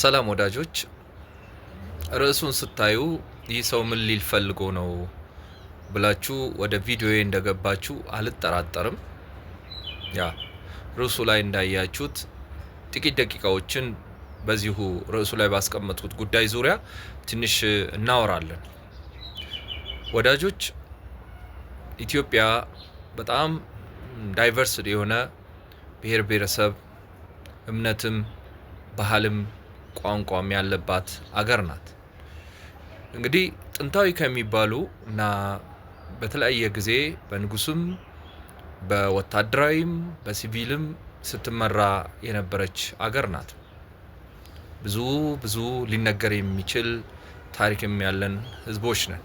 ሰላም ወዳጆች፣ ርዕሱን ስታዩ ይህ ሰው ምን ሊል ፈልጎ ነው ብላችሁ ወደ ቪዲዮዬ እንደገባችሁ አልጠራጠርም። ያ ርዕሱ ላይ እንዳያችሁት ጥቂት ደቂቃዎችን በዚሁ ርዕሱ ላይ ባስቀመጥኩት ጉዳይ ዙሪያ ትንሽ እናወራለን። ወዳጆች ኢትዮጵያ በጣም ዳይቨርስ የሆነ ብሔር ብሔረሰብ እምነትም ባህልም ቋንቋም ያለባት አገር ናት። እንግዲህ ጥንታዊ ከሚባሉ እና በተለያየ ጊዜ በንጉስም በወታደራዊም በሲቪልም ስትመራ የነበረች አገር ናት። ብዙ ብዙ ሊነገር የሚችል ታሪክም ያለን ህዝቦች ነን።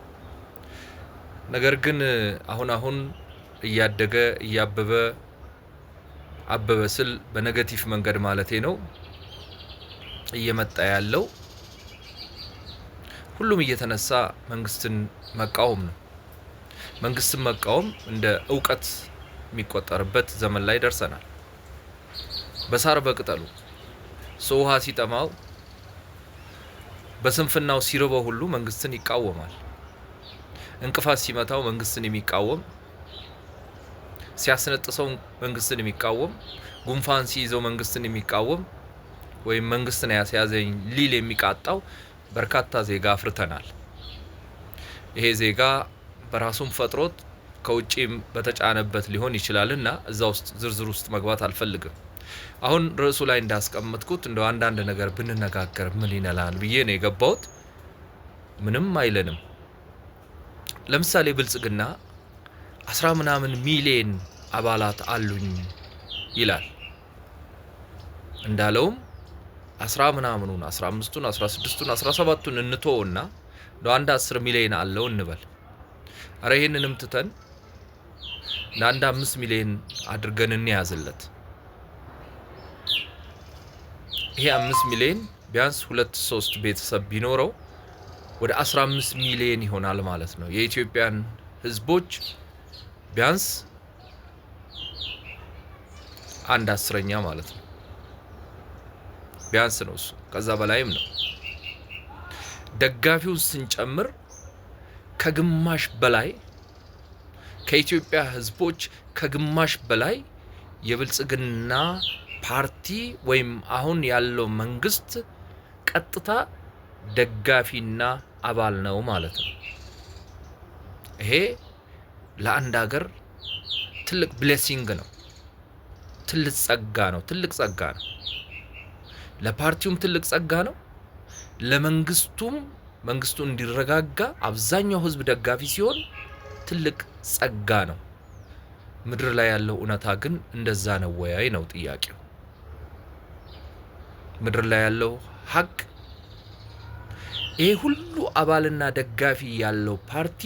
ነገር ግን አሁን አሁን እያደገ እያበበ አበበ ስል በኔጌቲቭ መንገድ ማለቴ ነው እየመጣ ያለው ሁሉም እየተነሳ መንግስትን መቃወም ነው። መንግስትን መቃወም እንደ እውቀት የሚቆጠርበት ዘመን ላይ ደርሰናል። በሳር በቅጠሉ ሰው ውሃ ሲጠማው በስንፍናው ሲርበው ሁሉ መንግስትን ይቃወማል። እንቅፋት ሲመታው መንግስትን የሚቃወም ሲያስነጥሰው መንግስትን የሚቃወም ጉንፋን ሲይዘው መንግስትን የሚቃወም ወይም መንግስት ነው ያስያዘኝ ሊል የሚቃጣው በርካታ ዜጋ አፍርተናል። ይሄ ዜጋ በራሱም ፈጥሮት ከውጭም በተጫነበት ሊሆን ይችላልና እዛ ውስጥ ዝርዝር ውስጥ መግባት አልፈልግም። አሁን ርዕሱ ላይ እንዳስቀመጥኩት እንደ አንዳንድ ነገር ብንነጋገር ምን ይነላል ብዬ ነው የገባሁት። ምንም አይለንም። ለምሳሌ ብልጽግና አስራ ምናምን ሚሊየን አባላት አሉኝ ይላል እንዳለውም አስራ ምናምኑን አስራ አምስቱን አስራ ስድስቱን አስራ ሰባቱን እንቶውና ለአንድ አስር ሚሊዮን አለው እንበል። አረ ይህንንም ትተን ለአንድ አምስት ሚሊዮን አድርገን እንያዝለት። ይሄ አምስት ሚሊዮን ቢያንስ ሁለት ሶስት ቤተሰብ ቢኖረው ወደ አስራ አምስት ሚሊዮን ይሆናል ማለት ነው። የኢትዮጵያን ህዝቦች ቢያንስ አንድ አስረኛ ማለት ነው። ቢያንስ ነው እሱ። ከዛ በላይም ነው። ደጋፊውን ስንጨምር ከግማሽ በላይ ከኢትዮጵያ ህዝቦች ከግማሽ በላይ የብልጽግና ፓርቲ ወይም አሁን ያለው መንግስት ቀጥታ ደጋፊና አባል ነው ማለት ነው። ይሄ ለአንድ ሀገር ትልቅ ብሌሲንግ ነው። ትልቅ ጸጋ ነው። ትልቅ ጸጋ ነው። ለፓርቲውም ትልቅ ጸጋ ነው። ለመንግስቱም መንግስቱ እንዲረጋጋ አብዛኛው ህዝብ ደጋፊ ሲሆን ትልቅ ጸጋ ነው። ምድር ላይ ያለው እውነታ ግን እንደዛ ነው ወያይ ነው ጥያቄው። ምድር ላይ ያለው ሀቅ ይሄ ሁሉ አባልና ደጋፊ ያለው ፓርቲ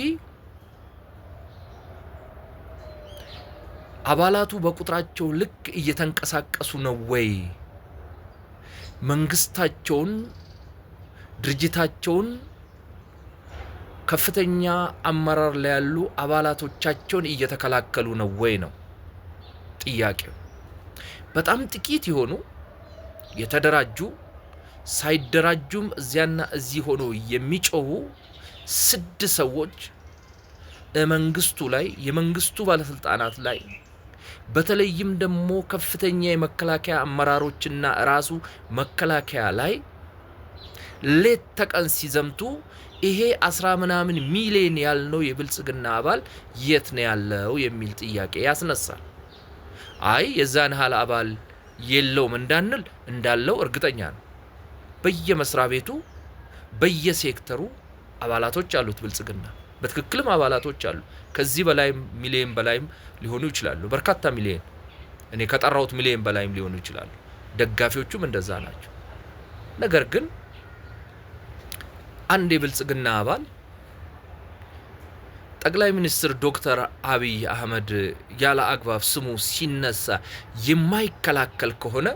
አባላቱ በቁጥራቸው ልክ እየተንቀሳቀሱ ነው ወይ? መንግስታቸውን፣ ድርጅታቸውን፣ ከፍተኛ አመራር ላይ ያሉ አባላቶቻቸውን እየተከላከሉ ነው ወይ ነው ጥያቄው። በጣም ጥቂት የሆኑ የተደራጁ ሳይደራጁም እዚያና እዚህ ሆኖ የሚጮሁ ስድ ሰዎች መንግስቱ ላይ የመንግስቱ ባለስልጣናት ላይ በተለይም ደግሞ ከፍተኛ የመከላከያ አመራሮችና ራሱ መከላከያ ላይ ሌት ተቀን ሲዘምቱ ይሄ አስራ ምናምን ሚሊዮን ያልነው የብልጽግና አባል የት ነው ያለው የሚል ጥያቄ ያስነሳል። አይ የዛን ያህል አባል የለውም እንዳንል እንዳለው እርግጠኛ ነው። በየመስሪያ ቤቱ በየሴክተሩ አባላቶች አሉት ብልጽግና በትክክልም አባላቶች አሉ። ከዚህ በላይም ሚሊየን በላይም ሊሆኑ ይችላሉ። በርካታ ሚሊየን እኔ ከጠራሁት ሚሊየን በላይም ሊሆኑ ይችላሉ። ደጋፊዎቹም እንደዛ ናቸው። ነገር ግን አንድ የብልጽግና አባል ጠቅላይ ሚኒስትር ዶክተር አብይ አህመድ ያለ አግባብ ስሙ ሲነሳ የማይከላከል ከሆነ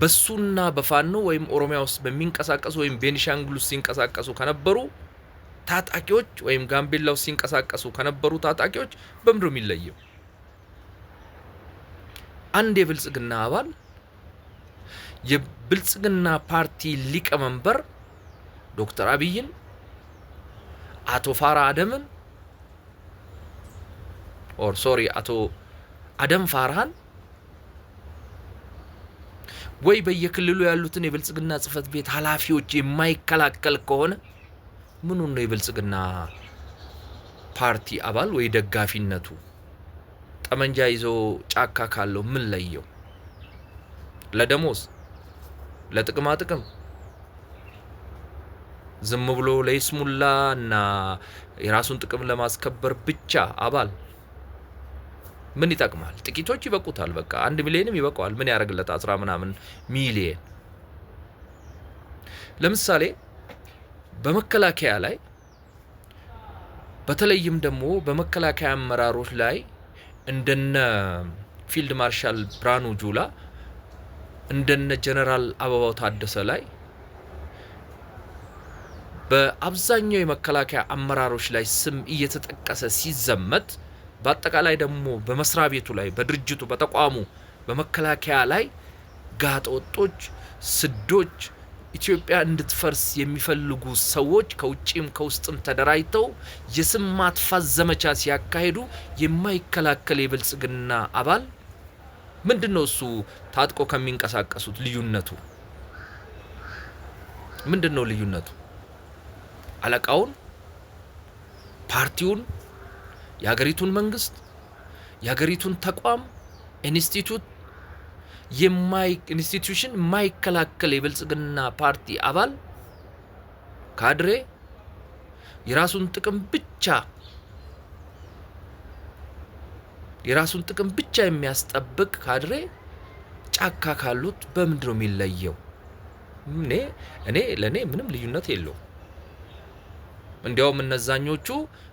በሱና በፋኖ ወይም ኦሮሚያ ውስጥ በሚንቀሳቀሱ ወይም ቤኒሻንጉል ውስጥ ሲንቀሳቀሱ ከነበሩ ታጣቂዎች ወይም ጋምቤላው ሲንቀሳቀሱ ከነበሩ ታጣቂዎች በምድሩ የሚለየው? አንድ የብልጽግና አባል የብልጽግና ፓርቲ ሊቀመንበር ዶክተር አብይን አቶ ፋራ አደምን ኦር ሶሪ አቶ አደም ፋርሃን ወይ በየክልሉ ያሉትን የብልጽግና ጽህፈት ቤት ኃላፊዎች የማይከላከል ከሆነ ምኑ ነው የብልጽግና ፓርቲ አባል ወይ ደጋፊነቱ? ጠመንጃ ይዞ ጫካ ካለው ምን ለየው? ለደሞዝ ለጥቅማ ጥቅም ዝም ብሎ ለይስሙላ እና የራሱን ጥቅም ለማስከበር ብቻ አባል ምን ይጠቅማል? ጥቂቶች ይበቁታል። በቃ አንድ ሚሊዮንም ይበቀዋል። ምን ያደርግለት አስራ ምናምን ሚሊየን ለምሳሌ በመከላከያ ላይ በተለይም ደግሞ በመከላከያ አመራሮች ላይ እንደነ ፊልድ ማርሻል ብርሃኑ ጁላ እንደነ ጀነራል አበባው ታደሰ ላይ በአብዛኛው የመከላከያ አመራሮች ላይ ስም እየተጠቀሰ ሲዘመት በአጠቃላይ ደግሞ በመስሪያ ቤቱ ላይ በድርጅቱ በተቋሙ በመከላከያ ላይ ጋጠወጦች፣ ስዶች ኢትዮጵያ እንድትፈርስ የሚፈልጉ ሰዎች ከውጭም ከውስጥም ተደራጅተው የስም ማጥፋት ዘመቻ ሲያካሂዱ የማይከላከል የብልጽግና አባል ምንድን ነው? እሱ ታጥቆ ከሚንቀሳቀሱት ልዩነቱ ምንድን ነው? ልዩነቱ አለቃውን፣ ፓርቲውን፣ የሀገሪቱን መንግስት፣ የሀገሪቱን ተቋም ኢንስቲቱት? ኢንስቲትዩሽን የማይከላከል የብልጽግና ፓርቲ አባል ካድሬ የራሱን ጥቅም ብቻ የራሱን ጥቅም ብቻ የሚያስጠብቅ ካድሬ ጫካ ካሉት በምንድን ነው የሚለየው? እኔ እኔ ለእኔ ምንም ልዩነት የለውም። እንዲያውም እነዛኞቹ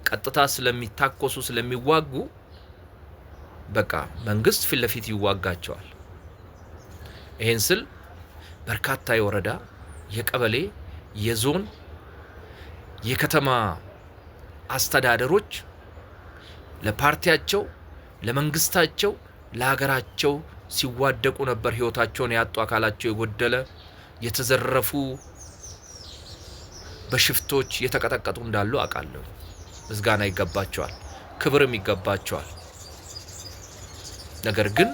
ቀጥታ ስለሚታኮሱ ስለሚዋጉ በቃ መንግስት ፊት ለፊት ይዋጋቸዋል። ይሄን ስል በርካታ የወረዳ የቀበሌ የዞን የከተማ አስተዳደሮች ለፓርቲያቸው፣ ለመንግስታቸው፣ ለሀገራቸው ሲዋደቁ ነበር። ህይወታቸውን ያጡ፣ አካላቸው የጎደለ፣ የተዘረፉ፣ በሽፍቶች የተቀጠቀጡ እንዳሉ አውቃለሁ። ምስጋና ይገባቸዋል፣ ክብርም ይገባቸዋል። ነገር ግን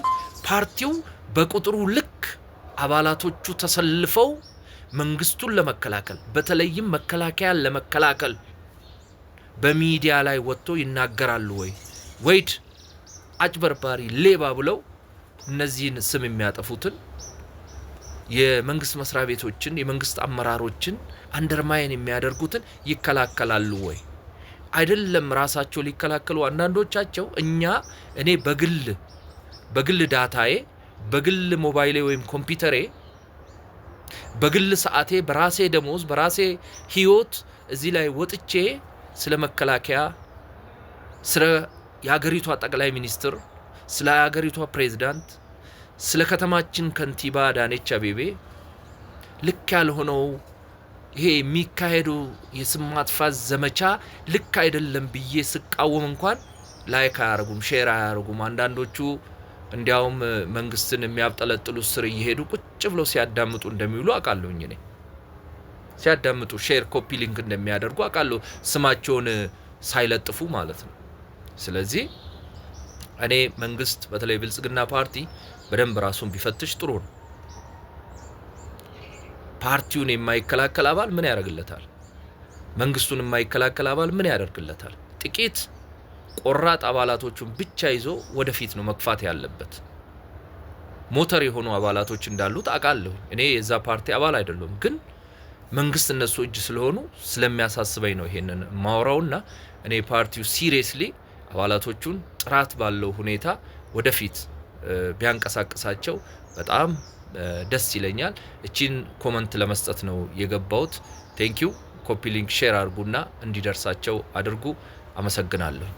ፓርቲው በቁጥሩ ልክ አባላቶቹ ተሰልፈው መንግስቱን ለመከላከል በተለይም መከላከያን ለመከላከል በሚዲያ ላይ ወጥቶ ይናገራሉ ወይ? ወይድ አጭበርባሪ፣ ሌባ ብለው እነዚህን ስም የሚያጠፉትን የመንግስት መስሪያ ቤቶችን የመንግስት አመራሮችን አንደርማይን የሚያደርጉትን ይከላከላሉ ወይ? አይደለም ራሳቸው ሊከላከሉ አንዳንዶቻቸው እኛ እኔ በግል በግል ዳታዬ በግል ሞባይሌ ወይም ኮምፒውተሬ በግል ሰዓቴ በራሴ ደሞዝ በራሴ ህይወት እዚህ ላይ ወጥቼ ስለ መከላከያ፣ ስለ የሀገሪቷ ጠቅላይ ሚኒስትር፣ ስለ የሀገሪቷ ፕሬዝዳንት፣ ስለ ከተማችን ከንቲባ አዳነች አቤቤ ልክ ያልሆነው ይሄ የሚካሄዱ የስም ማጥፋት ዘመቻ ልክ አይደለም ብዬ ስቃወም እንኳን ላይክ አያደርጉም፣ ሼር አያደርጉም አንዳንዶቹ እንዲያውም መንግስትን የሚያብጠለጥሉ ስር እየሄዱ ቁጭ ብለው ሲያዳምጡ እንደሚውሉ አውቃለሁኝ። እኔ ሲያዳምጡ ሼር ኮፒ ሊንክ እንደሚያደርጉ አውቃለሁ፣ ስማቸውን ሳይለጥፉ ማለት ነው። ስለዚህ እኔ መንግስት በተለይ ብልጽግና ፓርቲ በደንብ ራሱን ቢፈትሽ ጥሩ ነው። ፓርቲውን የማይከላከል አባል ምን ያደርግለታል? መንግስቱን የማይከላከል አባል ምን ያደርግለታል? ጥቂት ቆራጥ አባላቶቹን ብቻ ይዞ ወደፊት ነው መግፋት ያለበት። ሞተር የሆኑ አባላቶች እንዳሉት አውቃለሁ። እኔ የዛ ፓርቲ አባል አይደለሁም፣ ግን መንግስት እነሱ እጅ ስለሆኑ ስለሚያሳስበኝ ነው ይሄንን ማውራውና እኔ ፓርቲው ሲሪየስሊ አባላቶቹን ጥራት ባለው ሁኔታ ወደፊት ቢያንቀሳቅሳቸው በጣም ደስ ይለኛል። እቺን ኮመንት ለመስጠት ነው የገባሁት። ቴንኪዩ። ኮፒ ሊንክ ሼር አድርጉና እንዲደርሳቸው አድርጉ። አመሰግናለሁ።